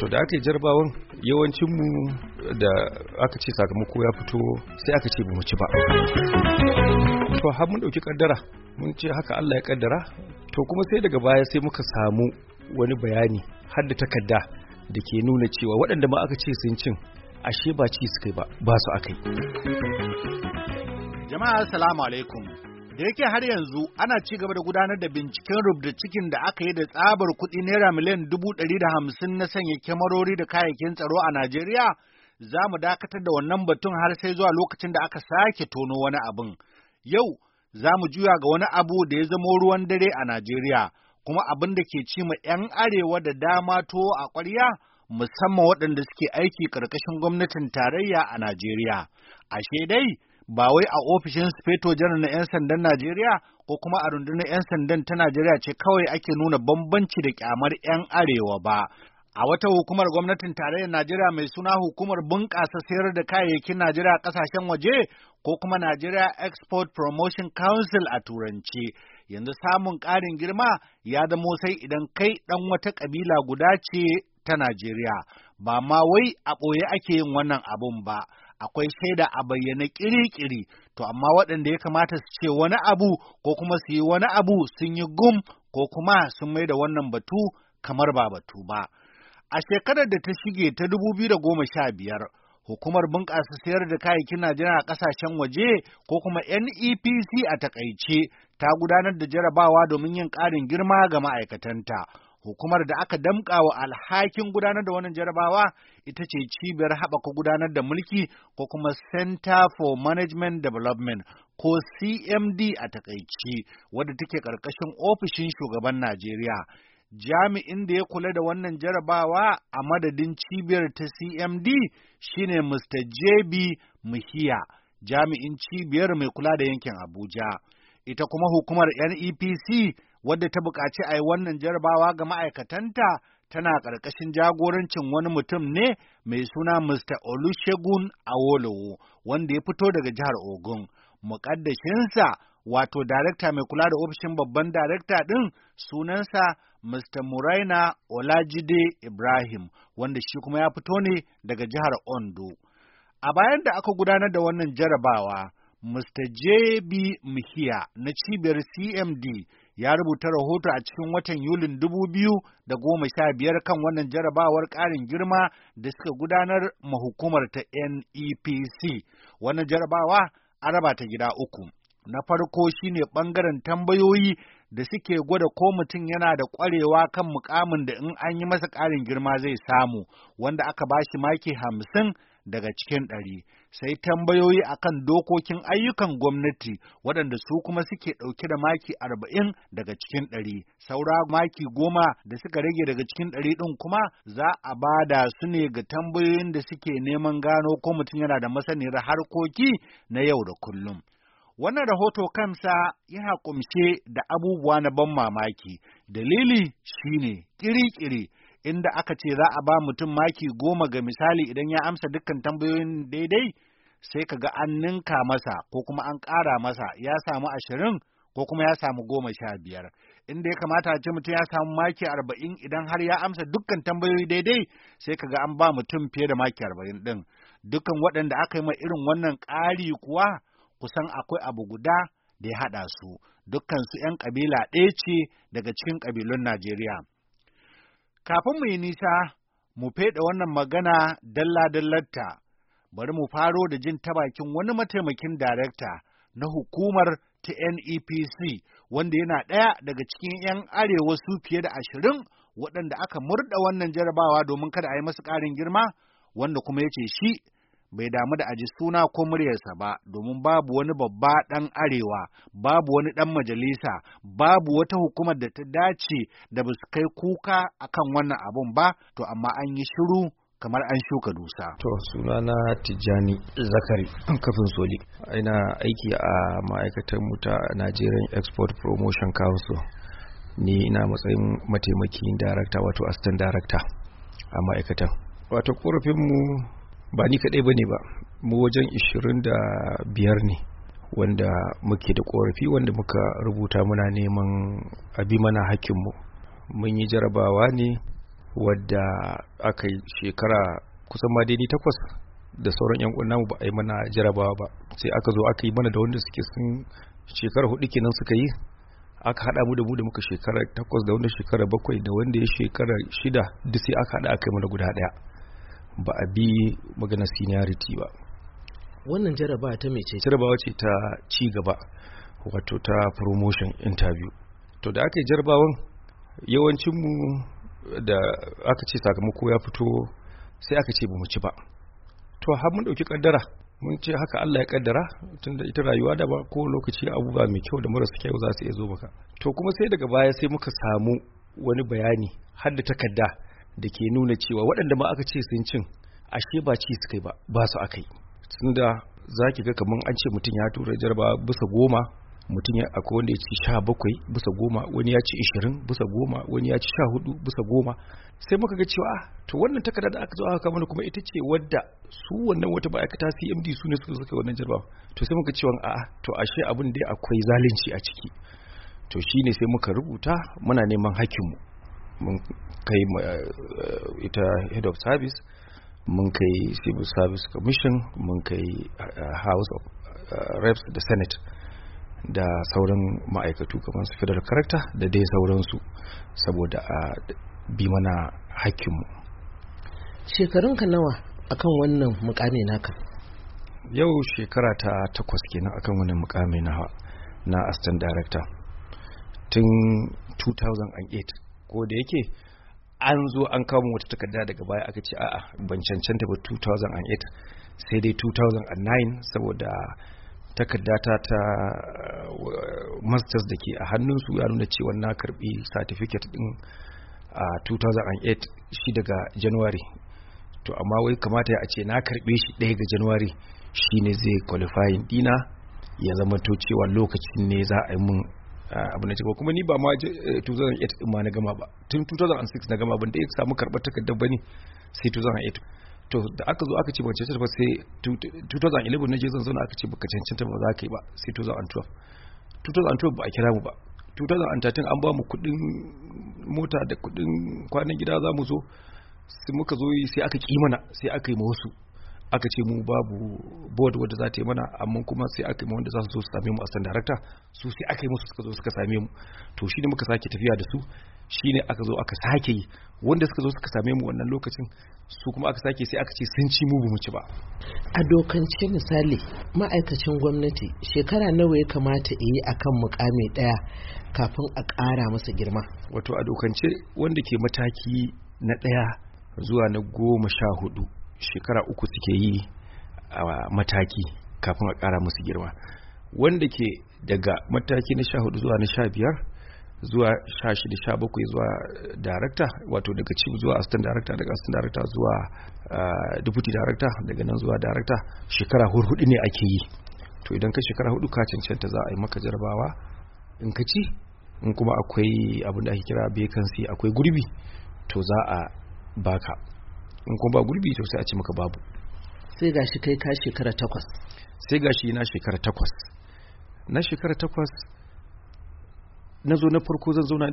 To da aka yi jarbawan yawancinmu da aka ce sakamako ya fito sai aka ce mu ci ba. To har mun ɗauki ƙaddara mun ce haka Allah ya ƙaddara to kuma sai daga baya sai muka samu wani bayani har da takarda da ke nuna cewa waɗanda ma aka ce sun cin ashe ba ci suka yi ba ba su aka yi. Jama'a salamu alaikum. da yake har yanzu ana ci gaba da gudanar da binciken rubda cikin da aka yi da tsabar kuɗi naira miliyan dubu ɗari da hamsin na sanya kyamarori da kayayyakin tsaro a Najeriya, za mu dakatar da wannan batun har sai zuwa lokacin da aka sake tono wani abin. Yau za mu juya ga wani abu da ya zamo ruwan dare a Najeriya, kuma abin da ke ci ma 'yan arewa da dama to a ƙwarya musamman waɗanda suke aiki ƙarƙashin gwamnatin tarayya a Najeriya. Ashe dai, ba wai a ofishin Speto janar na 'yan sandan Najeriya ko kuma a rundunar 'yan sandan ta Najeriya ce kawai ake nuna bambanci da kyamar 'yan arewa ba. A wata hukumar gwamnatin tarayyar Najeriya mai suna hukumar bunƙasa sayar da kayayyakin Najeriya ƙasashen waje ko kuma Najeriya Export Promotion Council a Turanci. Yanzu samun ƙarin girma ya zamo sai idan kai ɗan wata ƙabila guda ce ta Najeriya, ba ma wai a ɓoye ake yin wannan abun ba. akwai shaida a bayyana kiri-kiri to amma waɗanda ya kamata su ce wani abu ko kuma su yi wani abu sun yi gum ko kuma sun mai da wannan batu kamar ba batu ba. A shekarar da ta shige ta dubu biyu da goma sha biyar, hukumar bunƙasa sayar da kayayyakin Najeriya a ƙasashen waje ko kuma NEPC a takaice ta gudanar da jarabawa domin yin ƙarin girma ga ma'aikatanta. Hukumar da aka damƙa wa alhakin gudanar da wannan jarabawa ita ce cibiyar haɓaka gudanar da mulki ko kuma Center for Management Development ko CMD a takaici wadda take ƙarƙashin ofishin shugaban Najeriya. Jami'in da ya kula da wannan jarabawa a madadin cibiyar ta CMD shine Mr. JB Muhiya, jami'in cibiyar mai kula da yankin Abuja. Ita kuma hukumar NEPC wadda ta buƙaci a yi wannan jarabawa ga ma'aikatanta tana ƙarƙashin jagorancin wani mutum ne mai suna Mr. Olusegun Awolowo wanda ya fito daga jihar Ogun. Muƙaddashinsa wato darekta mai kula da ofishin babban darekta ɗin sunansa Mr. Muraina Olajide Ibrahim wanda shi kuma ya fito ne daga jihar Ondo. A bayan da aka gudanar da wannan jarabawa, Mr. J.B. Mihiya na cibiyar CMD ya rubuta rahoto a cikin watan Yulin 2015 kan wannan jarabawar ƙarin girma da suka gudanar ma hukumar ta NEPC. Wannan jarabawa a raba ta gida uku. Na farko shine ɓangaren tambayoyi da suke gwada ko mutum yana da ƙwarewa kan mukamin da in an yi masa ƙarin girma zai samu, wanda aka bashi maki hamsin daga cikin ɗari, sai tambayoyi a kan dokokin ayyukan gwamnati waɗanda su kuma suke ɗauke da maki arba'in daga cikin ɗari, saura maki goma da suka rage daga cikin ɗari ɗin kuma za a ba da su ne ga tambayoyin da suke neman gano ko mutum yana da masaniyar harkoki na yau da kullum. Wannan rahoto kansa yana ƙumshe da abubuwa na ban mamaki, dalili shine ƙiri-ƙiri inda aka ce za a ba mutum maki goma ga misali idan ya amsa dukkan tambayoyin daidai sai ka ga an ninka masa ko kuma an ƙara masa ya samu ashirin ko kuma ya samu goma sha biyar inda ya kamata a ce mutum ya samu maki arba'in idan har ya amsa dukkan tambayoyi daidai sai ka ga an ba mutum fiye da maki arba'in ɗin dukkan waɗanda aka yi ma irin wannan ƙari kuwa kusan akwai abu guda da ya haɗa su dukkan su ‘yan ƙabila ɗaya ce daga cikin ƙabilun Najeriya. Kafin mu yi nisa, mu feɗe wannan magana dalla-dallarta, bari mu faro da jin ta bakin wani mataimakin darakta na hukumar ta NEPC, wanda yana ɗaya daga cikin 'yan arewa su fiye da ashirin waɗanda aka murɗa wannan jarabawa domin kada a yi masu ƙarin girma, wanda kuma ya ce shi bai damu da aji suna ko muryarsa ba domin babu wani babba ɗan arewa babu wani ɗan majalisa babu wata hukumar da ta dace da ba su kai kuka akan wannan abun ba to amma an yi shiru kamar an shuka dusa. To suna na Tijjani Zakari kafin soli. Ina aiki a ma'aikatar mu ta Nigerian Export Promotion Council. Ni ina matsayin mataimakin darakta wato assistant darakta a ma'aikatan. Wato korafin mu ba ni kaɗai ba ne ba mu wajen 25 ne wanda muke da korafi wanda muka rubuta muna neman abi mana hakinmu mun yi jarabawa ne wadda aka yi shekara kusan ma daidai takwas da sauran yan kunna ba a yi mana jarabawa ba sai aka zo aka yi mana da wanda suke sun shekara hudu kenan suka yi aka hada mu da mu da muka shekara takwas da wanda shekara bakwai da wanda ya shekara shida duk sai aka hada aka yi mana guda daya ba a bi maganar seniority ba wannan jaraba ta mece jarabawa ce ta ci gaba wato ta promotion interview to da aka yi jarabawan yawancinmu da aka ce sakamako ya fito sai aka ce ba mu ci ba to har mun ɗauki kaddara mun ce haka Allah ya kaddara tunda ita rayuwa da ba ko lokaci abubuwa mai kyau da marasa kyau za su iya zo maka to kuma sai daga baya sai muka samu wani bayani har da takarda da ke nuna cewa waɗanda ma aka ce sun cin ashe ba ci suka yi ba ba su aka yi tun da za ki ga kamar an ce mutum ya tura jarba bisa goma mutum ya akwai wanda ya ci sha bakwai bisa goma wani ya ci ishirin bisa goma wani ya ci sha hudu bisa goma sai muka ga cewa ah, to wannan takarda da aka zo aka kama kuma ita ce wadda su wannan wata ma'aikata cmd su ne suka suka wannan jarba to sai muka cewa a'a to ashe abin da akwai zalunci a ciki to shine sai muka rubuta muna neman hakkinmu mun kai eh, eh, ita head of service mun kai civil service commission mun kai eh, house of reps da senate da sauran ma'aikatu kamar su federal character da dai sauransu saboda a bi mana hakkinmu shekarunka nawa akan wannan mukami naka yau shekara ta takwas kenan akan wannan mukami na na aston director tun 2008 ko da yake an zo an kama wata takarda daga baya aka ce a'a ban cancanta ba 2008 sai dai 2009 saboda takarda ta ta uh, masters da ke a hannunsu ya nuna cewa na karbi certificate din a 2008 shi daga january to amma wai kamata ya ce na karbe shi ɗaya ga january shine zai qualifying dina ya zama to cewa lokacin ne za a yi mun abu na ko kuma ni ba ma 2008 eh, din ma na gama ba tun 2006 na gama ban da ya samu karɓar takardar ne sai 2008 to da aka zo aka ce ban ba sai 2011 na je zan zauna aka ce baka cancanta ba za ka yi ba sai 2012 2012 ba a kira mu ba 2013 an ba mu kuɗin mota da kuɗin kwanan gida za mu zo sai muka zo sai aka kimana sai aka yi ma wasu aka ce mu babu board wadda za ta yi mana amma kuma sai aka yi wanda za su zo su same mu a san director su sai aka yi musu suka zo suka same mu to shine muka sake tafiya da su shine aka zo aka sake yi wanda suka zo suka same mu wannan lokacin su kuma aka sake sai aka ce sun ci mu mu ci ba a dokance misali ma'aikacin gwamnati shekara nawa ya kamata yi akan mukami daya kafin a ƙara masa girma wato a dokance wanda ke mataki na daya zuwa na goma sha hudu shekara uku suke yi a mataki kafin a ƙara musu girma wanda ke daga mataki na sha hudu zuwa na sha biyar zuwa sha shida sha bakwai zuwa darakta wato daga chief zuwa assistant darakta daga assistant darakta zuwa uh, deputy darakta daga nan zuwa darakta shekara hurhudu ne ake yi to idan ka shekara hudu ka cancanta za a yi maka jarabawa in ka ci in kuma akwai abin da ake kira vacancy akwai gurbi to za a baka in kuma ba gurbi to sai a ce maka babu sai gashi kai ka shekara takwas sai gashi na shekara takwas na shekara takwas na na farko zan zauna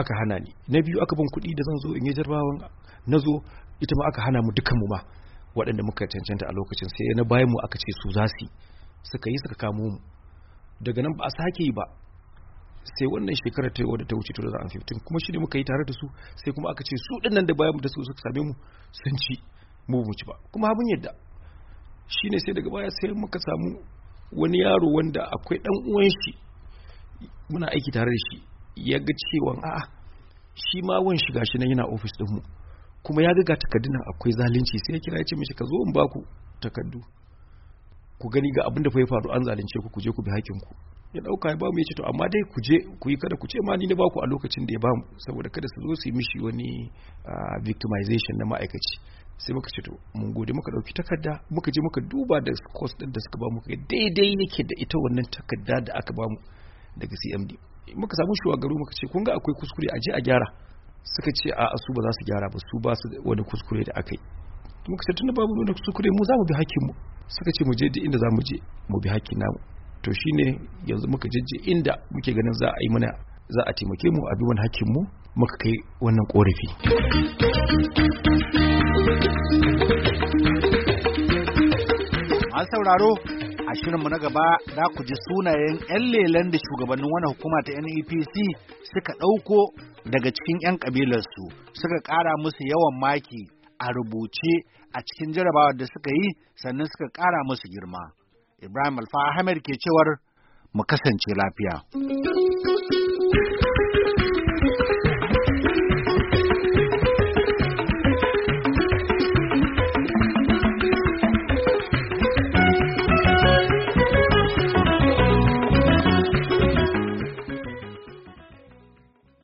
aka hana ni na biyu aka ban kuɗi da zan zo in yi jarbawan nazo zo ita ma aka hana mu dukan mu ma waɗanda muka cancanta a lokacin sai na bayan mu aka ce su za su suka yi suka kamo mu daga nan ba a sake yi ba sai wannan shekarar ta wadda ta wuce 2015 kuma shi ne muka yi tare da su sai kuma aka ce su dinnan da bayan da su suka same mu sun ci mu mu ci ba kuma abin yadda shi ne sai daga baya sai muka samu wani yaro wanda akwai dan uwan shi muna aiki tare da shi ya ga cewa a'a shi ma wan shiga shi nan yana ofis din mu kuma ya ga takardunan akwai zalunci sai ya kira ya ce mishi ka zo in baku takardu ku gani ga abin da fa ya faru an zalunce ku ku je ku bi hakinku. ku ya dauka ya mu ya ce to amma dai ku je ku yi kada ku ce ma ni na baku a lokacin da ya ba mu saboda kada su zo su yi mishi wani ah, victimization na ma'aikaci sai muka ce to mun gode muka dauki takarda muka je muka duba da cost din da suka bamu kai daidai yake da ita wannan takarda da aka bamu daga CMD muka samu shugabaru muka ce kun ga akwai kuskure a je a gyara suka ce a su ba za su gyara ba su ba su wani kuskure da aka yi muka ce tun babu wani kuskure mu za mu bi hakkin mu suka ce mu je da inda za mu je mu bi hakkin namu to shine yanzu muka jajje inda muke ganin za a yi mana za a taimake mu a bi wani hakkin mu muka kai wannan korafi Masu sauraro a shirinmu na gaba za ku ji sunayen 'yan lelen da shugabannin wani hukuma ta NEPC suka ɗauko daga cikin 'yan ƙabilarsu suka ƙara musu yawan maki a rubuce a cikin jarabawar da suka yi sannan suka ƙara musu girma. Ibrahim Alfa Ahmed ke cewar mu kasance lafiya.